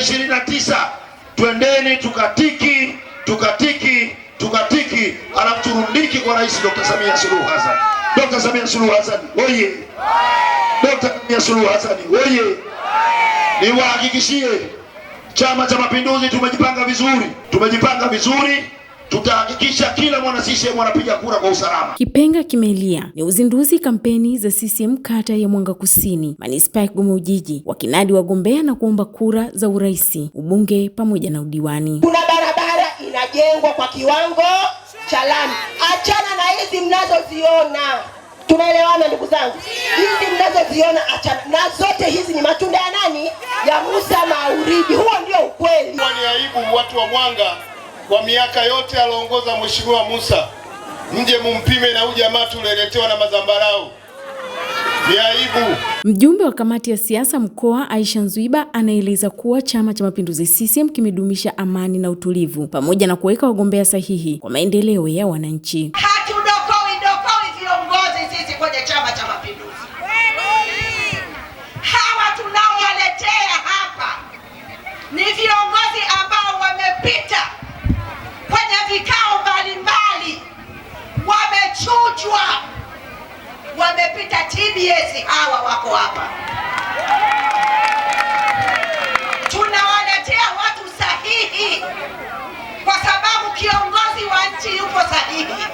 ishirini na tisa twendeni tukatiki tukatiki tukatiki, alafu turundiki kwa Rais Dr. Samia Suluhu Hassan. Dr. Samia Suluhu Hassan oye! Dr. Samia Suluhu Hassan oye! Niwahakikishie Chama cha Mapinduzi tumejipanga vizuri, tumejipanga vizuri tutahakikisha kila mwana CCM anapiga kura kwa usalama. Kipenga kimelia ni uzinduzi kampeni za CCM kata ya Mwanga Kusini, manispaa ya Kigoma Ujiji, wakinadi wagombea na kuomba kura za urais, ubunge pamoja na udiwani. Kuna barabara inajengwa kwa kiwango cha lami, achana na hizi mnazoziona. Tunaelewana ndugu zangu, hizi mnazoziona achana na zote hizi, ni matunda ya nani? Ya Musa Mauridi. Huo ndio ukweli. Ni aibu watu wa Mwanga kwa miaka yote aliongoza Mheshimiwa Musa, mje mumpime na huyu jamaa tuleletewa na madhambarau. Mjumbe wa kamati ya siasa mkoa Aisha Nzuiba anaeleza kuwa Chama cha Mapinduzi CCM kimedumisha amani na utulivu pamoja na kuweka wagombea sahihi kwa maendeleo ya wananchi. wagonjwa wamepita TBS hawa wako hapa, tunawaletea watu sahihi, kwa sababu kiongozi wa nchi yuko sahihi.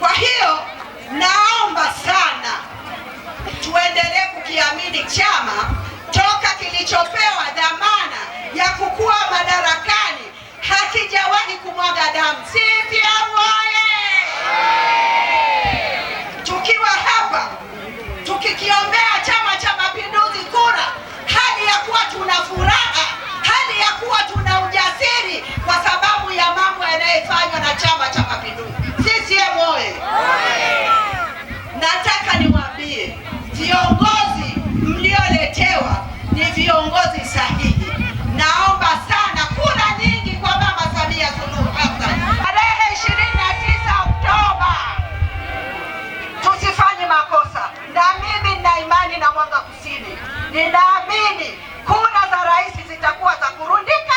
Kwa hiyo naomba sana tuendelee kukiamini chama toka kilichopewa dhamana ya kukua madarakani hakijawahi kumwaga damu, sivyo? ninaamini kura za rais zitakuwa za kurundika,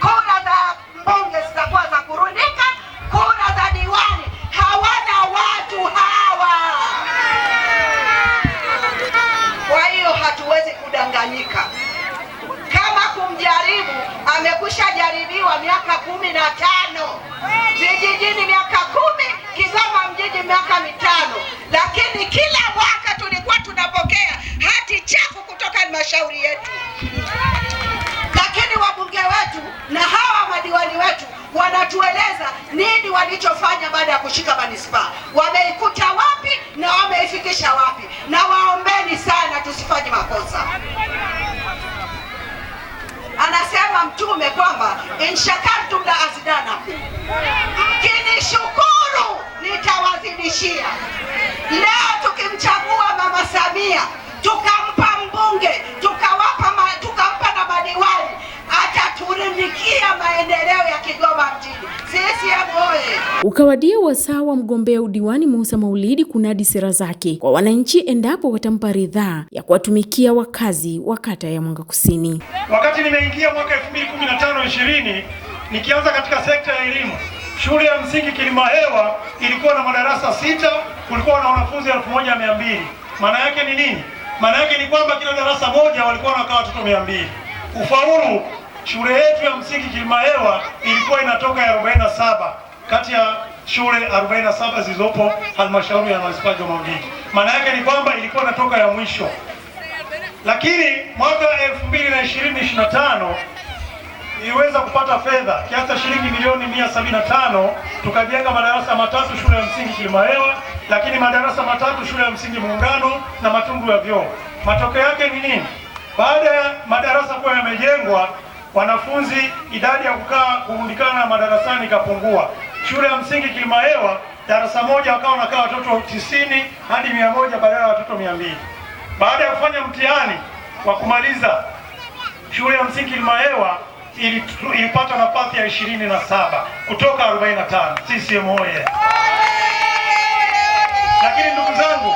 kura za mbunge zitakuwa za kurundika, kura za diwani hawana watu hawa. Kwa hiyo hatuwezi kudanganyika. Kama kumjaribu, amekwisha jaribiwa miaka kumi na tano vijijini, miaka kumi Kigoma mjini miaka mitano. walichofanya baada ya kushika manispaa, wameikuta wapi na wameifikisha wapi, na waombeni sana tusifanye makosa. Anasema Mtume kwamba inshakartum la azidana, mkinishukuru nitawazidishia. Leo tukimchagua mama Ukawadia wa mgombea udiwani Musa Maulidi kunadi sera zake kwa wananchi endapo watampa ridhaa ya kuwatumikia wakazi wa kata ya Mwanga Kusini. Wakati nimeingia mwaka 2015 20 nikianza katika sekta ya elimu, shule ya msingi Kilimahewa ilikuwa na madarasa sita, kulikuwa na wanafunzi 1200. Maana yake ni nini? Maana yake ni kwamba kila darasa moja walikuwa wanakaa watoto 200. Ufaulu shule yetu ya msingi Kilimahewa ilikuwa inatoka ya 47 kati ya shule 47 zilizopo halmashauri ya manispaa ya Mangigi. Maana yake ni kwamba ilikuwa natoka ya mwisho, lakini mwaka 2025 iliweza kupata fedha kiasi cha shilingi milioni 175 tukajenga madarasa matatu shule ya msingi Kilimahewa, lakini madarasa matatu shule ya msingi Muungano na matundu ya vyoo. Matokeo yake ni nini? Baada ya madarasa kuwa yamejengwa, wanafunzi idadi ya kukaa kurundikana madarasani ikapungua shule ya msingi Kilimahewa darasa moja wakawa wanakaa watoto tisini hadi mia moja badala ya watoto mia mbili Baada ya kufanya mtihani wa kumaliza shule ya msingi Kilimahewa ilipata nafasi ya ishirini na saba kutoka arobaini na tano CCM oye! Lakini ndugu zangu,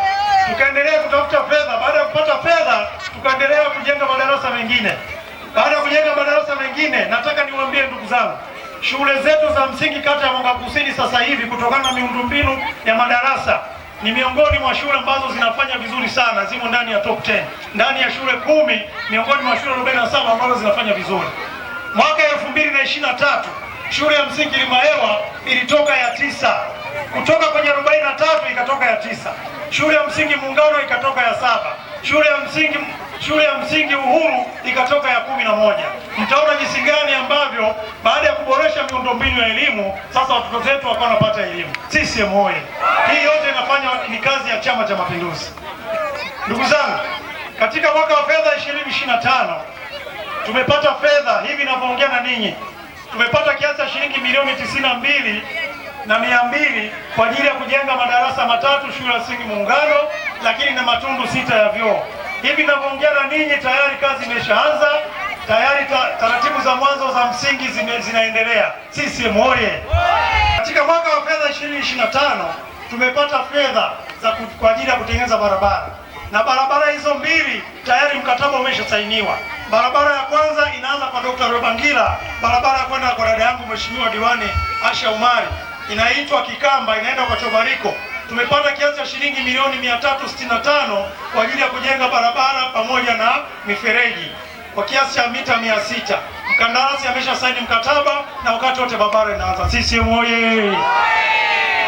tukaendelea kutafuta fedha. Baada ya kupata fedha, tukaendelea kujenga madarasa mengine. Baada ya kujenga madarasa mengine, nataka niwaambie ndugu zangu Shule zetu za msingi kata ya Mwanga Kusini sasa hivi kutokana na miundombinu ya madarasa ni miongoni mwa shule ambazo zinafanya vizuri sana, zimo ndani ya top 10 ndani ya shule kumi miongoni mwa shule 47 ambazo zinafanya vizuri. Mwaka 2023 shule ya msingi Limahewa ilitoka ya tisa kutoka kwenye 43 ikatoka ya tisa. Shule ya msingi Muungano ikatoka ya saba. Shule ya msingi shule ya msingi Uhuru ikatoka ya kumi na moja. Mtaona jinsi gani ambavyo baada miundombinu ya elimu, sasa watoto wetu wakawa wanapata elimu. CCM oyee! Hii yote inafanya ni kazi ya Chama cha Mapinduzi. Ndugu zangu, katika mwaka wa fedha 2025 tumepata fedha hivi ninavyoongea na ninyi, tumepata kiasi cha shilingi milioni 92 na mia mbili kwa ajili ya kujenga madarasa matatu shule ya msingi Muungano, lakini na matundu sita ya vyoo. Hivi ninavyoongea na ninyi tayari kazi imeshaanza tayari taratibu za mwanzo za msingi zinaendelea. CCM oye! Katika mwaka wa fedha 2025 tumepata fedha za kwa ajili ya kutengeneza barabara na barabara hizo mbili tayari mkataba umeshasainiwa. Barabara ya kwanza inaanza kwa Dr. Rwebangila, barabara ya kwenda kwa dada yangu Mheshimiwa diwani Asha Umari inaitwa Kikamba, inaenda kwa Chobariko. Tumepata kiasi cha shilingi milioni 365 kwa ajili ya kujenga barabara pamoja na mifereji kwa kiasi cha mita mia sita. Mkandarasi amesha saini mkataba na wakati wote barabara inaanza. CCM oyee!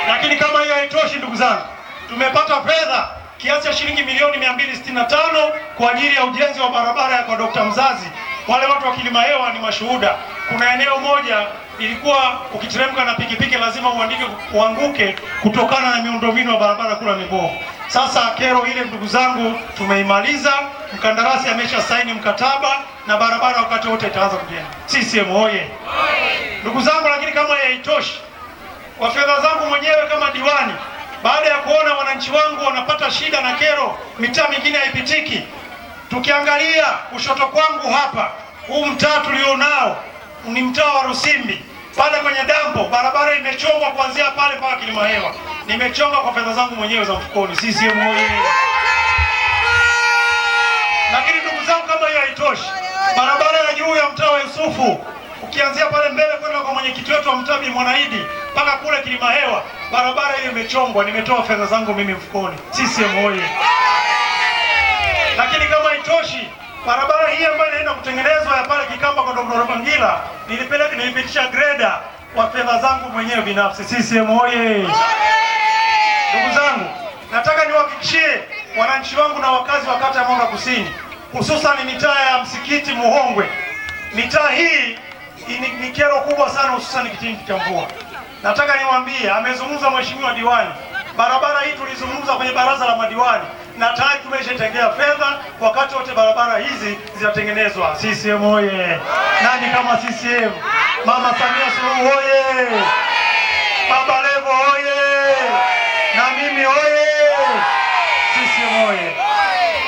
Lakini kama hiyo haitoshi, ndugu zangu, tumepata fedha kiasi cha shilingi milioni 265 kwa ajili ya ujenzi wa barabara ya kwa Dokta Mzazi. Wale watu wa Kilimahewa ni mashuhuda. Kuna eneo moja ilikuwa ukiteremka na pikipiki lazima uandike uanguke kutokana na miundombinu ya barabara kula mibovu. Sasa kero ile ndugu zangu tumeimaliza, mkandarasi amesha saini mkataba na barabara wakati wote itaanza kujenga. CCM oye! Ndugu zangu, lakini kama haitoshi, kwa fedha zangu mwenyewe kama diwani, baada ya kuona wananchi wangu wanapata shida na kero, mitaa mingine haipitiki, tukiangalia kushoto kwangu hapa, huu mtaa tulionao ni mtaa wa Rusimbi pale kwenye dampo, barabara imechongwa kuanzia pale mpaka kilima hewa, nimechonga kwa fedha zangu mwenyewe za mfukoni. CCM oyee! Lakini ndugu zangu, kama hiyo haitoshi, barabara ya juu ya mtaa wa Yusufu ukianzia pale mbele kwenda kwa mwenyekiti wetu wa mtaa Bi Mwanaidi mpaka kule kilima hewa, barabara hiyo imechongwa, nimetoa fedha zangu mimi mfukoni. CCM oyee! Lakini kama haitoshi Barabara hii ambayo inaenda kutengenezwa ya pale Kikamba kwa Dr. Mangila nilipeleka nilipitisha greda kwa fedha zangu mwenyewe binafsi. CCM oye! Ndugu zangu, nataka niwahakikishie wananchi wangu na wakazi wa kata ya Mwanga Kusini, hususan mitaa ya Msikiti, Muhongwe, mitaa hii ni kero kubwa sana, hususan kipindi cha mvua. Nataka niwaambie, amezungumza mheshimiwa diwani, barabara hii tulizungumza kwenye baraza la madiwani na tayari tumeshatengea fedha wakati wote barabara hizi zinatengenezwa. CCM oye! Nani kama CCM? Mama Samia Suluhu oye! Baba Levo oye! na mimi oye! CCM oye!